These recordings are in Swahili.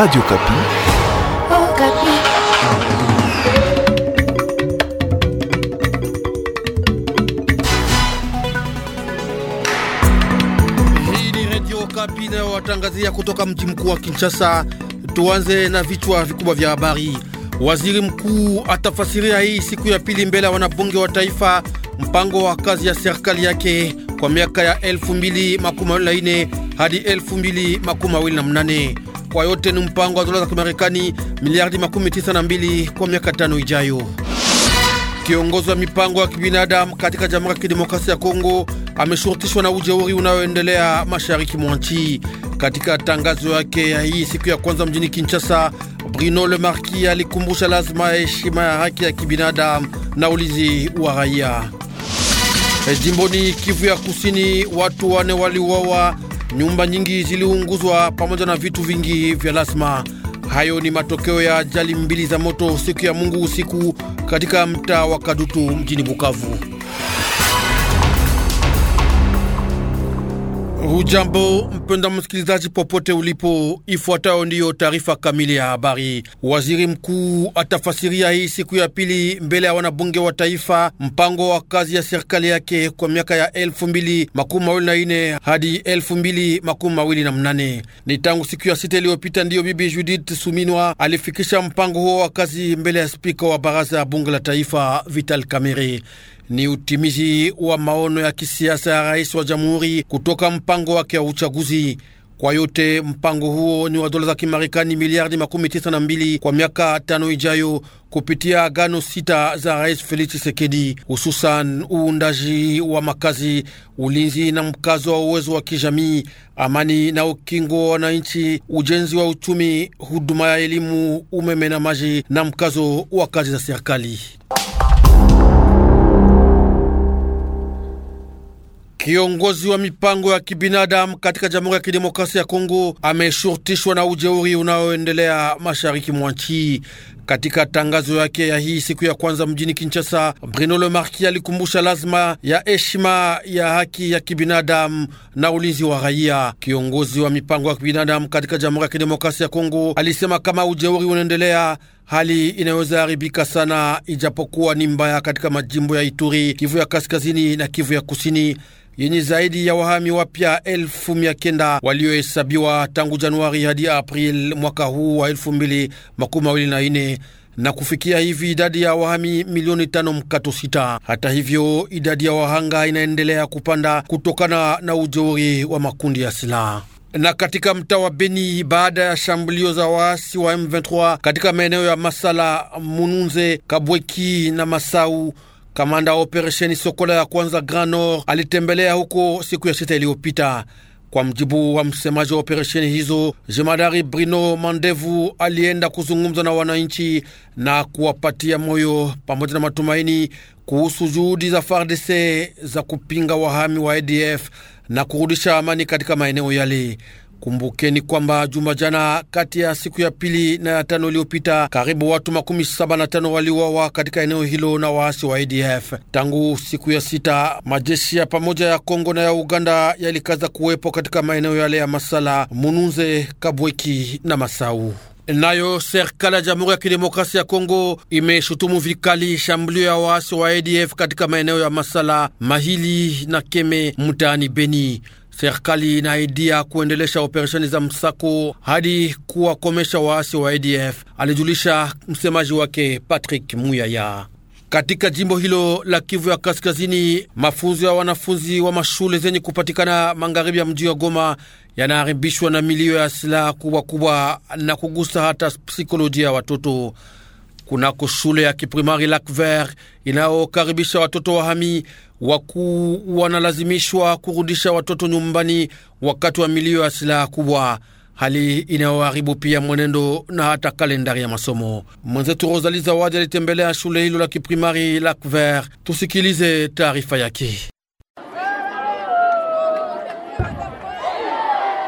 Radio Kapi. Oh, Kapi. Hii ni Radio Kapi watangazia kutoka mji mkuu wa Kinshasa. Tuanze na vichwa vikubwa vya habari. Waziri mkuu atafasiria hii siku ya pili mbele ya wanabunge wa taifa mpango wa kazi ya serikali yake kwa miaka ya 2024 hadi 2028 kwa yote ni mpango wa dola za Kimarekani miliardi makumi tisa na mbili kwa miaka tano ijayo. Kiongozi wa mipango ya kibinadamu katika Jamhuri ya Kidemokrasia ya Kongo ameshurutishwa na ujeuri unayoendelea mashariki mwa nchi. Katika tangazo yake ya hii siku ya kwanza mjini Kinshasa, Bruno Le Marquis alikumbusha lazima ya heshima ya haki ya kibinadamu na ulizi wa raia. E, jimboni Kivu ya Kusini, watu wane waliuawa nyumba nyingi ziliunguzwa pamoja na vitu vingi vya lazima. Hayo ni matokeo ya ajali mbili za moto siku ya Mungu usiku katika mtaa wa Kadutu mjini Bukavu. Hujambo Mpenda msikilizaji, popote ulipo, ifuatayo ndiyo taarifa kamili ya habari. Waziri mkuu atafasiria hii siku ya pili mbele ya wanabunge wa taifa mpango wa kazi ya serikali yake kwa miaka ya elfu mbili makumi mawili na nne hadi elfu mbili makumi mawili na mnane. Ni tangu siku ya sita iliyopita ndiyo bibi Judith Suminwa alifikisha mpango huo wa kazi mbele ya spika wa baraza ya bunge la taifa Vital Kamerhe ni utimizi wa maono ya kisiasa ya rais wa jamhuri kutoka mpango wake wa uchaguzi kwa yote mpango huo ni wa dola za Kimarekani miliardi makumi tisa na mbili kwa miaka tano ijayo kupitia agano sita za Rais Felix Tshisekedi, hususan uundaji wa makazi, ulinzi na mkazo wa uwezo wa kijamii, amani na ukingo wa wananchi, ujenzi wa uchumi, huduma ya elimu, umeme na maji, na mkazo wa kazi za serikali. Kiongozi wa mipango ya kibinadamu katika Jamhuri ya Kidemokrasia ya Kongo ameshurutishwa na ujeuri unaoendelea mashariki mwa nchi. Katika tangazo yake ya hii siku ya kwanza mjini Kinshasa, Bruno Le Marquis alikumbusha lazima ya heshima ya haki ya kibinadamu na ulinzi wa raia. Kiongozi wa mipango ya kibinadamu katika Jamhuri ya Kidemokrasia ya Kongo alisema kama ujeuri unaendelea hali inayoweza haribika sana, ijapokuwa ni mbaya katika majimbo ya Ituri, Kivu ya kaskazini na Kivu ya kusini yenye zaidi ya wahami wapya elfu mia kenda waliohesabiwa tangu Januari hadi april mwaka huu wa elfu mbili makumi mawili na na kufikia hivi idadi ya wahami milioni tano mkato sita. Hata hivyo idadi ya wahanga inaendelea kupanda kutokana na ujeuri wa makundi ya silaha na katika mtaa wa Beni baada ya shambulio za waasi wa M23 katika maeneo ya Masala, Mununze, Kabweki na Masau, kamanda wa operesheni Sokola ya kwanza Grand Nord alitembelea huko siku ya sita iliyopita. Kwa mjibu wa msemaji wa operesheni hizo, jemadari Bruno Mandevu alienda kuzungumza na wananchi na kuwapatia moyo pamoja na matumaini kuhusu juhudi za FARDC za kupinga wahami wa ADF na kurudisha amani katika maeneo yale. Kumbukeni kwamba juma jana, kati ya siku ya pili na ya tano iliyopita, karibu watu makumi saba na tano waliuawa katika eneo hilo na waasi wa ADF. Tangu siku ya sita, majeshi ya pamoja ya Kongo na ya Uganda yalikaza kuwepo katika maeneo yale ya Masala, Mununze, Kabweki na Masau. Nayo serikali ya Jamhuri ya Kidemokrasia ya Kongo imeshutumu vikali shambulio ya waasi wa ADF katika maeneo ya Masala, Mahili na Keme mtaani Beni. Serikali inaidia kuendelesha operesheni za msako hadi kuwakomesha waasi wa ADF, alijulisha msemaji wake Patrick Muyaya. Katika jimbo hilo la Kivu ya Kaskazini, mafunzo ya wanafunzi wa mashule zenye kupatikana magharibi ya mji wa Goma yanaharibishwa na milio ya silaha kubwa kubwa na kugusa hata psikolojia ya watoto. Kunako shule ya kiprimari Lac Vert inayokaribisha watoto wahami, wakuu wanalazimishwa kurudisha watoto nyumbani wakati wa milio ya silaha kubwa, hali inayoharibu pia mwenendo na hata kalendari ya masomo. Mwenzetu Rosali Zawadi alitembelea shule hilo la kiprimari Lac Vert. Tusikilize taarifa yake.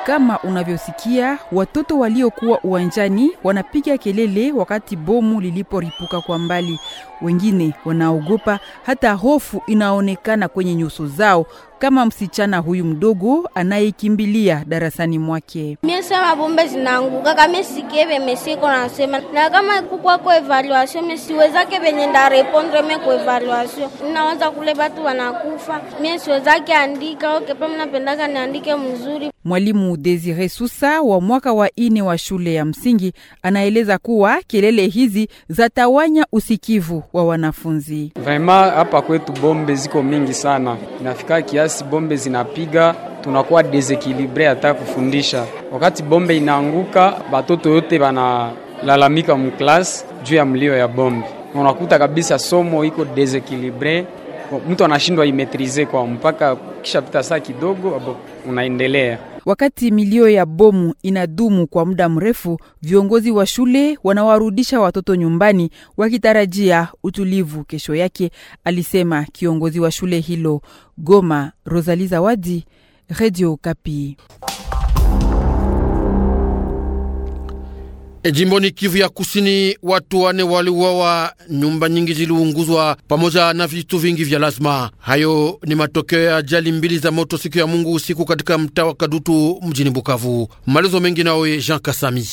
Kama unavyosikia watoto waliokuwa uwanjani wanapiga kelele wakati bomu liliporipuka kwa mbali. Wengine wanaogopa, hata hofu inaonekana kwenye nyuso zao kama msichana huyu mdogo anayekimbilia darasani mwake. Miesema bombe zinaanguka kama sikie vemesiko nasema na kama kukwa kukwako evaluation mesiwezake venye ndarepondre me meko evaluation naanza kule batu wanakufa siwezake andika okepa mnapendaka niandike mzuri. Mwalimu Desire Susa wa mwaka wa ine wa shule ya msingi anaeleza kuwa kelele hizi zatawanya usikivu wa wanafunzi. Vaima hapa kwetu bombe ziko mingi sana inafika kiasi wakati bombe zinapiga tunakuwa desekilibre hata kufundisha. Wakati bombe inaanguka, batoto yote banalalamika muklas juu ya mlio ya bombe, unakuta kabisa somo iko desekilibre, mtu anashindwa imetrize kwa mpaka kisha pita saa kidogo, abo unaendelea Wakati milio ya bomu inadumu kwa muda mrefu, viongozi wa shule wanawarudisha watoto nyumbani wakitarajia utulivu kesho yake, alisema kiongozi wa shule hilo. Goma, Rosalie Zawadi, Radio Kapi. Ejimboni Kivu ya Kusini, watu wane waliuawa, nyumba nyingi ziliunguzwa pamoja na vitu vingi vya lazima. Hayo ni matokeo ya ajali mbili za moto siku ya Mungu usiku katika mtaa wa Kadutu mjini Bukavu. Malizo mengi nawe Jean Kasami.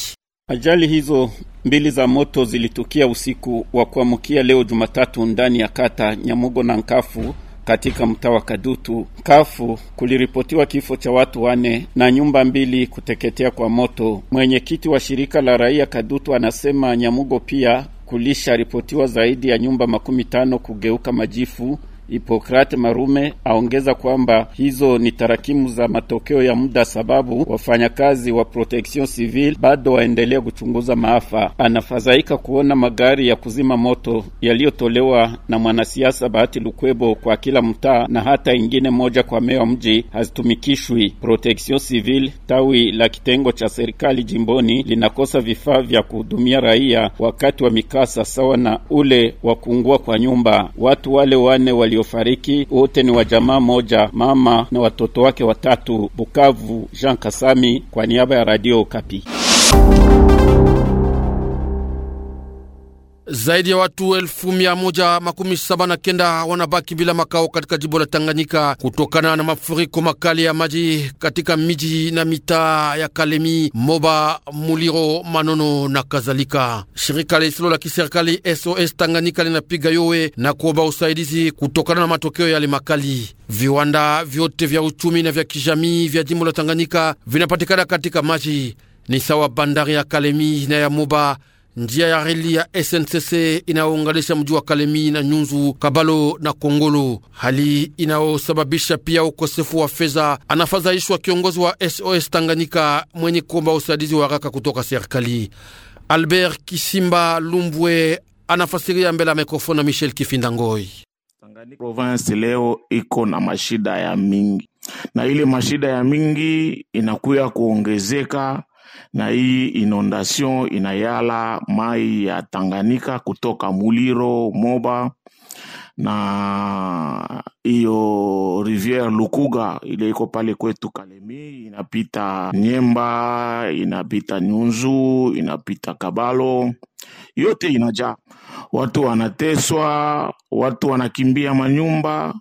Ajali hizo mbili za moto zilitukia usiku wa kuamkia leo Jumatatu ndani ya kata Nyamugo na Nkafu katika mtaa wa Kadutu kafu kuliripotiwa kifo cha watu wane na nyumba mbili kuteketea kwa moto. Mwenyekiti wa shirika la raia Kadutu anasema Nyamugo pia kulisharipotiwa zaidi ya nyumba makumi tano kugeuka majifu Hipokrate Marume aongeza kwamba hizo ni tarakimu za matokeo ya muda, sababu wafanyakazi wa protection civil bado waendelea kuchunguza maafa. Anafadhaika kuona magari ya kuzima moto yaliyotolewa na mwanasiasa Bahati Lukwebo kwa kila mtaa na hata ingine moja kwa meya mji hazitumikishwi. Protection civil tawi la kitengo cha serikali jimboni linakosa vifaa vya kuhudumia raia wakati wa mikasa sawa na ule wa kuungua kwa nyumba. Watu wale wane walio waliofariki wote ni wa jamaa moja, mama na watoto wake watatu. Bukavu, Jean Kasami kwa niaba ya Radio Kapi. Zaidi ya watu elfu mia moja makumi saba na kenda wanabaki bila makao katika jimbo la Tanganyika kutokana na mafuriko makali ya maji katika miji na mitaa ya Kalemi, Moba, Muliro, Manono na kadhalika. Shirika lisilo la kiserikali SOS Tanganyika linapiga yowe na kuomba usaidizi kutokana na matokeo yale makali. Viwanda vyote vya uchumi na vya kijamii vya jimbo la Tanganyika vinapatikana katika maji, ni sawa bandari ya Kalemi na ya Moba Njia ya reli ya SNCC inaunganisha mji wa Kalemi na Nyunzu, Kabalo na Kongolo, hali inayosababisha pia ukosefu wa fedha, anafadhaishwa kiongozi wa SOS Tanganyika mwenye kuomba usaidizi wa haraka kutoka serikali. Albert Kisimba Lumbwe anafasiria mbele ya mikrofoni na Michel Kifindangoi. Province leo iko na mashida ya mingi na ile mashida ya mingi inakuya kuongezeka na hii inondation inayala mai ya tanganika kutoka Muliro, Moba na hiyo riviere Lukuga ile iko pale kwetu Kalemi, inapita Nyemba, inapita Nyunzu, inapita Kabalo, yote inajaa. Watu wanateswa, watu wanakimbia manyumba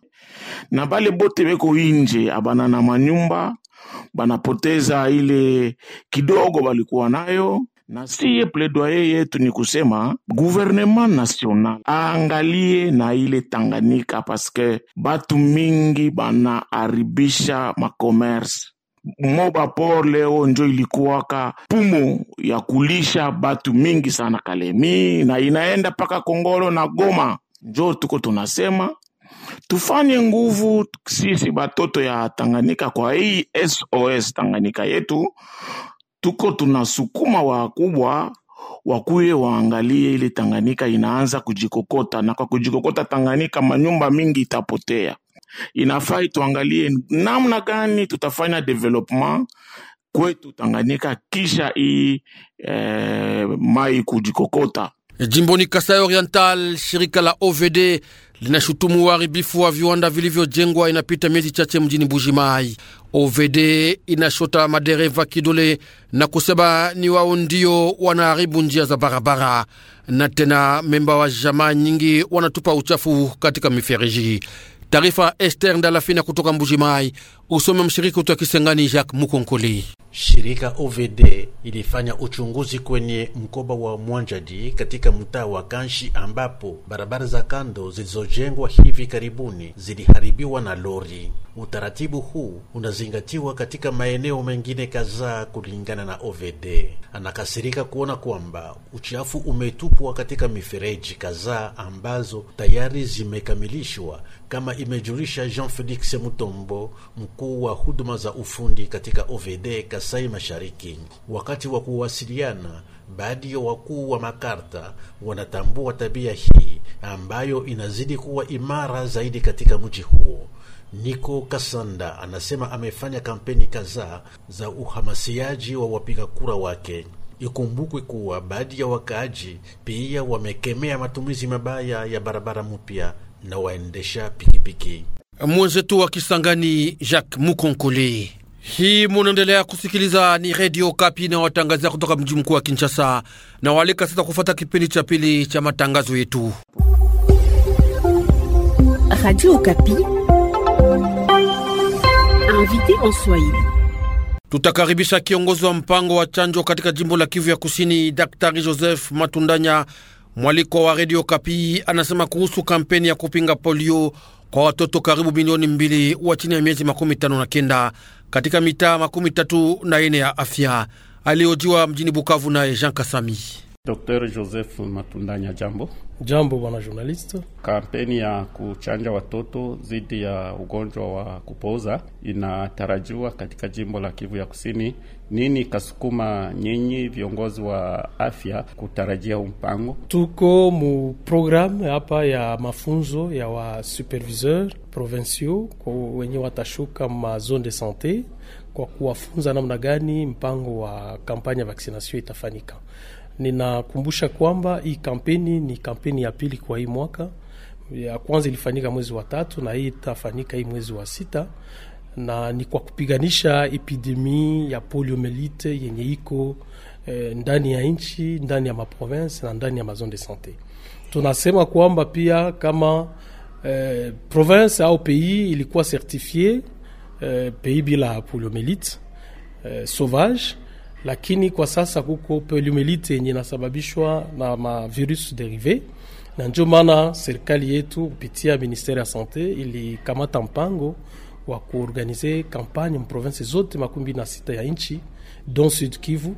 na bale bote beko inje abana na manyumba banapoteza ile kidogo balikuwa nayo na siye pledoye yetu ni kusema gouvernement national aangalie na ile Tanganyika, paske batu mingi banaharibisha makomerse. Mobapor leo njo ilikuwaka pumo ya kulisha batu mingi sana Kalemi, na inaenda mpaka Kongolo na Goma. Njo tuko tunasema tufanye nguvu sisi batoto ya Tanganyika kwa hii SOS Tanganyika yetu, tuko tunasukuma wakubwa wakuye waangalie ile Tanganyika inaanza kujikokota, na kwa kujikokota Tanganyika manyumba mingi itapotea. Inafai tuangalie namna gani tutafanya development kwetu Tanganyika kisha hii eh, mai kujikokota Jimboni Kasai Oriental, shirika la OVD linashutumu uharibifu wa viwanda vilivyojengwa inapita miezi chache mjini Bujimai. OVD inashota madereva kidole na kusema ni wao ndio wanaharibu njia za barabara, na tena memba wa jamaa nyingi wanatupa uchafu katika mifereji. Taarifa Ester Ndalafina kutoka Mbujimai, usome mshiriki wetu Kisangani Jacques Mukonkoli. Shirika OVD ilifanya uchunguzi kwenye mkoba wa Mwanjadi katika mtaa wa Kanshi ambapo barabara za kando zilizojengwa hivi karibuni ziliharibiwa na lori. Utaratibu huu unazingatiwa katika maeneo mengine kadhaa kulingana na OVD. Anakasirika kuona kwamba uchafu umetupwa katika mifereji kadhaa ambazo tayari zimekamilishwa, kama imejulisha Jean Felix Mutombo, mkuu wa huduma za ufundi katika OVD. Kasai Mashariki. Wakati wa kuwasiliana, baadhi ya wakuu wa makarta wanatambua tabia hii ambayo inazidi kuwa imara zaidi katika mji huo. Niko Kasanda anasema amefanya kampeni kadhaa za uhamasiaji wa wapiga kura wake. Ikumbukwe kuwa baadhi ya wakaaji pia wamekemea matumizi mabaya ya barabara mpya na waendesha pikipiki. Mwenzetu wa Kisangani Jacques Mukonkoli hii munaendelea kusikiliza ni redio Kapi na watangazia kutoka mji mkuu wa Kinshasa na walika sasa kufuata kipindi cha pili cha matangazo yetu Radio Kapi. Tutakaribisha kiongozi wa mpango wa chanjo katika jimbo la Kivu ya Kusini, Daktari Joseph Matundanya. Mwaliko wa redio Kapi anasema kuhusu kampeni ya kupinga polio kwa watoto karibu milioni mbili wa chini ya miezi makumi tano na kenda katika mitaa makumi tatu na ine ya afya. aliojiwa mjini Bukavu naye Jean Kasami. Dr. Joseph Matundanya, jambo. Jambo bwana journalist. Kampeni ya kuchanja watoto dhidi ya ugonjwa wa kupooza inatarajiwa katika jimbo la Kivu ya Kusini. Nini ikasukuma nyinyi viongozi wa afya kutarajia mpango? Tuko mu programu hapa ya mafunzo ya wa superviseur provinciaux kwa wenye watashuka ma zone de sante kwa kuwafunza namna gani mpango wa kampanya ya vaksination itafanyika. Ninakumbusha kwamba hii kampeni ni kampeni ya pili kwa hii mwaka. Ya kwanza ilifanyika mwezi wa tatu na hii itafanyika hii mwezi wa sita, na ni kwa kupiganisha epidemi ya poliomelite yenye iko eh, ndani ya nchi, ndani ya maprovince na ndani ya mazone de sante. Tunasema kwamba pia kama eh, province au pays ilikuwa certifie eh, pays bila poliomelite eh, sauvage lakini kwa sasa kuko poliomyelite yenye inasababishwa na mavirus derive, na ndio maana serikali yetu kupitia ministeri ya sante ilikamata mpango wa kuorganize kampanye mprovinse zote makumi na sita ya nchi don Sud Kivu,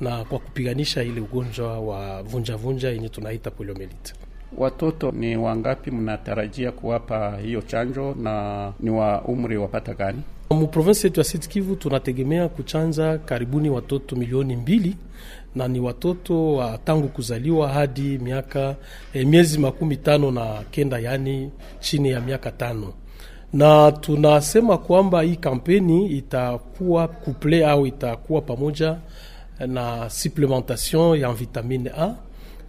na kwa kupiganisha ile ugonjwa wa vunjavunja yenye tunaita poliomelite. Watoto ni wangapi mnatarajia kuwapa hiyo chanjo na ni wa umri wapata gani? Muprovensi yetu ya Sud Kivu tunategemea kuchanja karibuni watoto milioni mbili na ni watoto wa tangu kuzaliwa hadi miaka e, miezi makumi tano na kenda, yaani chini ya miaka tano na tunasema kwamba hii kampeni itakuwa couple au itakuwa pamoja eh, na supplementation ya vitamine A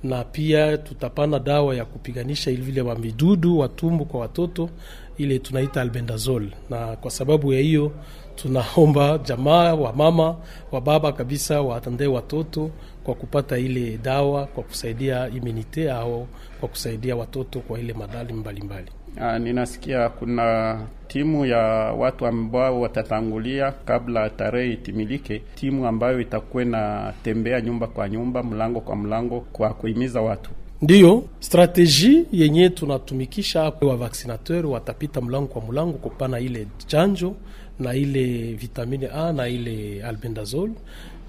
na pia tutapana dawa ya kupiganisha ili vile wamidudu watumbu kwa watoto ile tunaita albendazol. Na kwa sababu ya hiyo, tunaomba jamaa wa mama wa baba kabisa waatandee watoto kwa kupata ile dawa kwa kusaidia imunite au kwa kusaidia watoto kwa ile madali mbalimbali Aa, ah, ninasikia kuna timu ya watu ambao watatangulia kabla tarehe itimilike, timu ambayo itakuwa inatembea nyumba kwa nyumba, mlango kwa mlango, kwa kuhimiza watu Ndiyo strateji yenye tunatumikisha kwa vaksinateur, watapita mlango kwa mlango kupana ile chanjo na ile vitamini A na ile albendazole.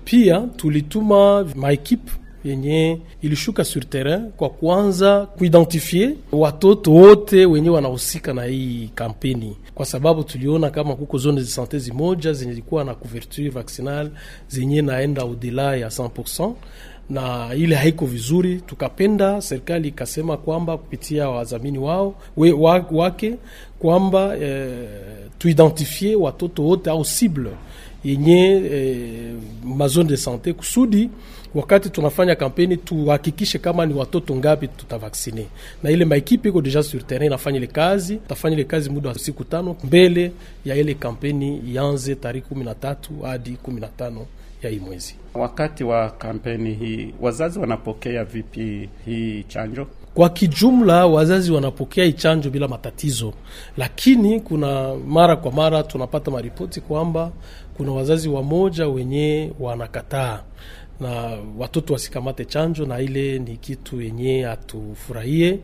Pia tulituma maekipe yenye ilishuka sur terrain kwa kuanza kuidentifie watoto wote wenye wanahusika na hii kampeni, kwa sababu tuliona kama kuko zone za sante zimoja zenye zilikuwa na couverture vaccinale zenye naenda udela ya 100% na ile haiko vizuri. Tukapenda serikali ikasema kwamba kupitia wadhamini wao we, wake kwamba eh, tuidentifie watoto wote au cible yenye eh, mazone de sante kusudi wakati tunafanya kampeni tuhakikishe kama ni watoto ngapi tutavaksine, na ile maekipe iko deja sur terrain inafanya ile kazi, tafanya ile kazi muda wa siku tano mbele ya ile kampeni ianze tarehe kumi na tatu hadi kumi na tano ya hii mwezi. Wakati wa kampeni hii wazazi wanapokea vipi hii chanjo? Kwa kijumla wazazi wanapokea ichanjo bila matatizo, lakini kuna mara kwa mara tunapata maripoti kwamba kuna wazazi wamoja wenye wanakataa na watoto wasikamate chanjo, na ile ni kitu yenye hatufurahie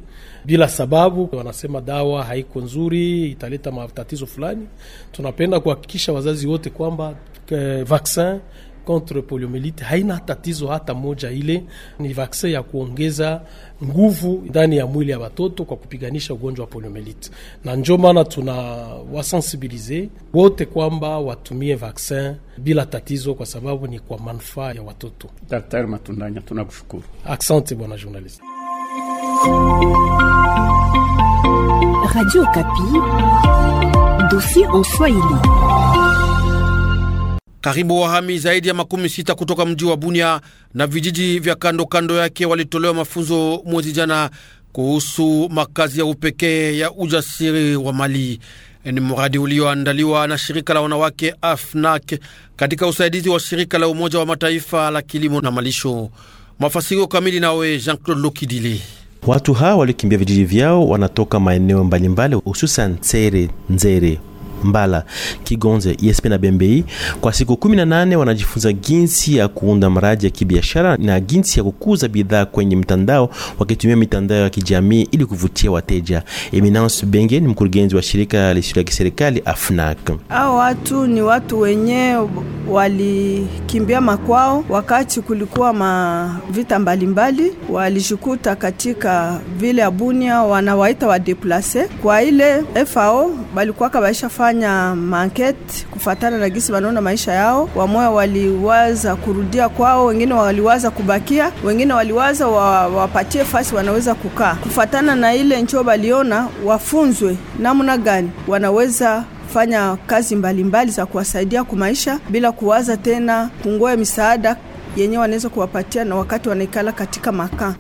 bila sababu. Wanasema dawa haiko nzuri, italeta matatizo fulani. Tunapenda kuhakikisha wazazi wote kwamba eh, vaksin contre poliomielite haina tatizo hata moja. Ile ni vaksin ya kuongeza nguvu ndani ya mwili ya watoto kwa kupiganisha ugonjwa wa poliomielite, na njo maana tuna wasensibilize wote kwamba watumie vaksin bila tatizo, kwa sababu ni kwa manufaa ya watoto. Daktari Matundanya, tunakushukuru. Asante bwana journalist. Radio Kapi, dosie en Swahili. Karibu wahami zaidi ya makumi sita kutoka mji wa Bunia na vijiji vya kando kando yake walitolewa mafunzo mwezi jana kuhusu makazi ya upekee ya ujasiri wa mali. Ni mradi ulioandaliwa na shirika la wanawake AFNAC katika usaidizi wa shirika la Umoja wa Mataifa la kilimo na malisho. Mafasirio kamili nawe Jean-Claude Lokidile. Watu hawa waliokimbia vijiji vyao wanatoka maeneo mbalimbali, hususan Tsere, Nzere Mbala, Kigonze, ISP na Bembei. Kwa siku 18 wanajifunza jinsi ya kuunda mradi ya kibiashara na jinsi ya kukuza bidhaa kwenye mtandao wakitumia mitandao ya kijamii ili kuvutia wateja. Eminence Benge ni mkurugenzi wa shirika lisilo la kiserikali AFNAC. Hao watu ni watu wenye walikimbia makwao wakati kulikuwa mavita mbalimbali, walijikuta katika vile abunia wanawaita wadeplase kwa ile FAO balikuwa kabaisha fanya walifanya mankete kufatana na gisi wanaona maisha yao. Wamoya waliwaza kurudia kwao, wengine waliwaza kubakia, wengine waliwaza wapatie fasi wanaweza kukaa. Kufatana na ile nchoba baliona, wafunzwe namna gani wanaweza fanya kazi mbalimbali za kuwasaidia kumaisha bila kuwaza tena kungoe misaada yenye wanaweza kuwapatia na wakati wanaikala katika makaa.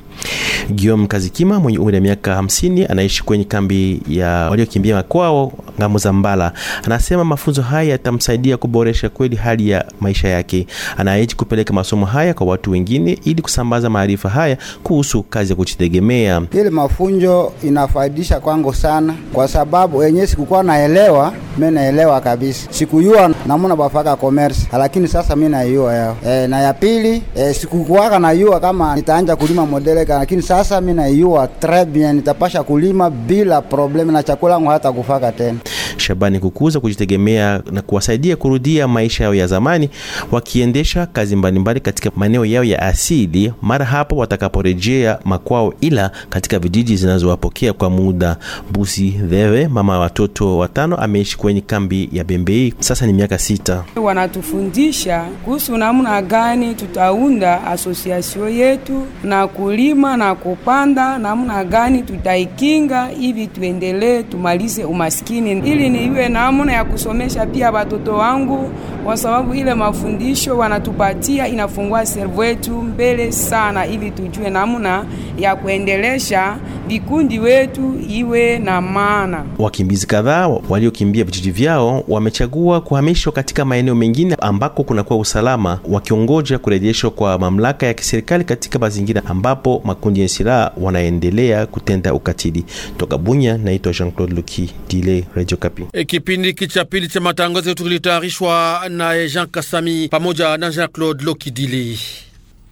Guillaume Kazikima mwenye umri wa miaka 50 anaishi kwenye kambi ya waliokimbia makwao Ngambo za Mbala. Anasema mafunzo haya yatamsaidia kuboresha kweli hali ya maisha yake. Anaahidi kupeleka masomo haya kwa watu wengine ili kusambaza maarifa haya kuhusu kazi ya kujitegemea. Ile mafunzo inafaidisha kwangu sana, kwa sababu yenyewe sikukuwa naelewa, mimi naelewa kabisa, sikujua namna bafaka commerce, lakini sasa mimi naiua yao e, na ya pili e, sikukuwaka naiua kama nitaanza kulima modele, lakini sasa, mimi naijua très bien, nitapasha kulima bila problem na chakula yangu hata kufaka tena. Shabani kukuza kujitegemea na kuwasaidia kurudia maisha yao ya zamani, wakiendesha kazi mbalimbali katika maeneo yao ya asili mara hapo watakaporejea makwao, ila katika vijiji zinazowapokea kwa muda. Busi Dhewe, mama ya watoto watano, ameishi kwenye kambi ya Bembei sasa ni miaka sita. Wanatufundisha kuhusu namna gani tutaunda asosiasio yetu na kulima na kupanda, namna gani tutaikinga ili tuendelee tumalize umaskini ili iwe namna ya kusomesha pia watoto wangu kwa sababu ile mafundisho wanatupatia inafungua servo yetu mbele sana, ili tujue namna ya kuendelesha vikundi wetu iwe na maana. Wakimbizi kadhaa waliokimbia vijiji vyao wamechagua kuhamishwa katika maeneo mengine ambako kunakuwa usalama, wakiongoja kurejeshwa kwa mamlaka ya kiserikali katika mazingira ambapo makundi ya silaha wanaendelea kutenda ukatili. Toka Bunya, naitwa Jean Claude Luki Dile, Radio Kapi. E, kipindi cha pili cha matangazo yetu kilitayarishwa naye Jean Kasami pamoja na Jean-Claude Lokidili.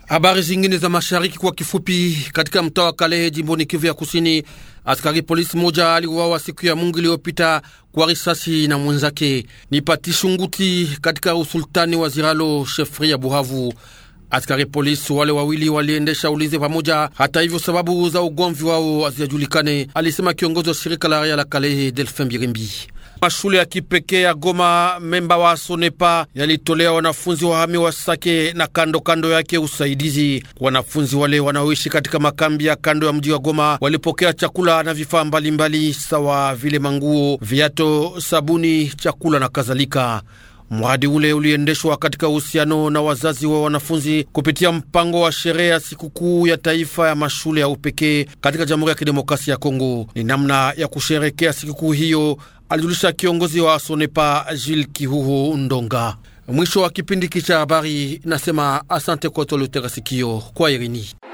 Habari zingine za mashariki kwa kifupi. Katika mtaa wa Kalehe jimboni Kivu ya Kusini, askari polisi moja aliuawa siku ya Mungu iliyopita kwa risasi na mwenzake ni Patishunguti katika usultani wa Ziralo, shefri ya Buhavu. Askari polisi wale wawili waliendesha ulinzi pamoja. Hata hivyo, sababu za ugomvi wao hazijulikane, alisema kiongozi wa shirika la raia la Kalehe, Delfin Birimbi. Mashule ya kipekee ya Goma memba wa Sonepa yalitolea wanafunzi wa hami wa Sake na kando kando yake usaidizi. Wanafunzi wale wanaoishi katika makambi ya kando ya mji wa Goma walipokea chakula na vifaa mbalimbali sawa vile manguo, viato, sabuni, chakula na kadhalika. Mradi ule uliendeshwa katika uhusiano na wazazi wa wanafunzi kupitia mpango wa sherehe ya sikukuu ya taifa ya mashule ya upekee katika Jamhuri ya Kidemokrasia ya Kongo. Ni namna ya kusherekea sikukuu hiyo, alijulisha kiongozi wa Sonepa Jil Kihuho Ndonga. Mwisho wa kipindi kicha habari, nasema asante kwa sikio kwa Irini.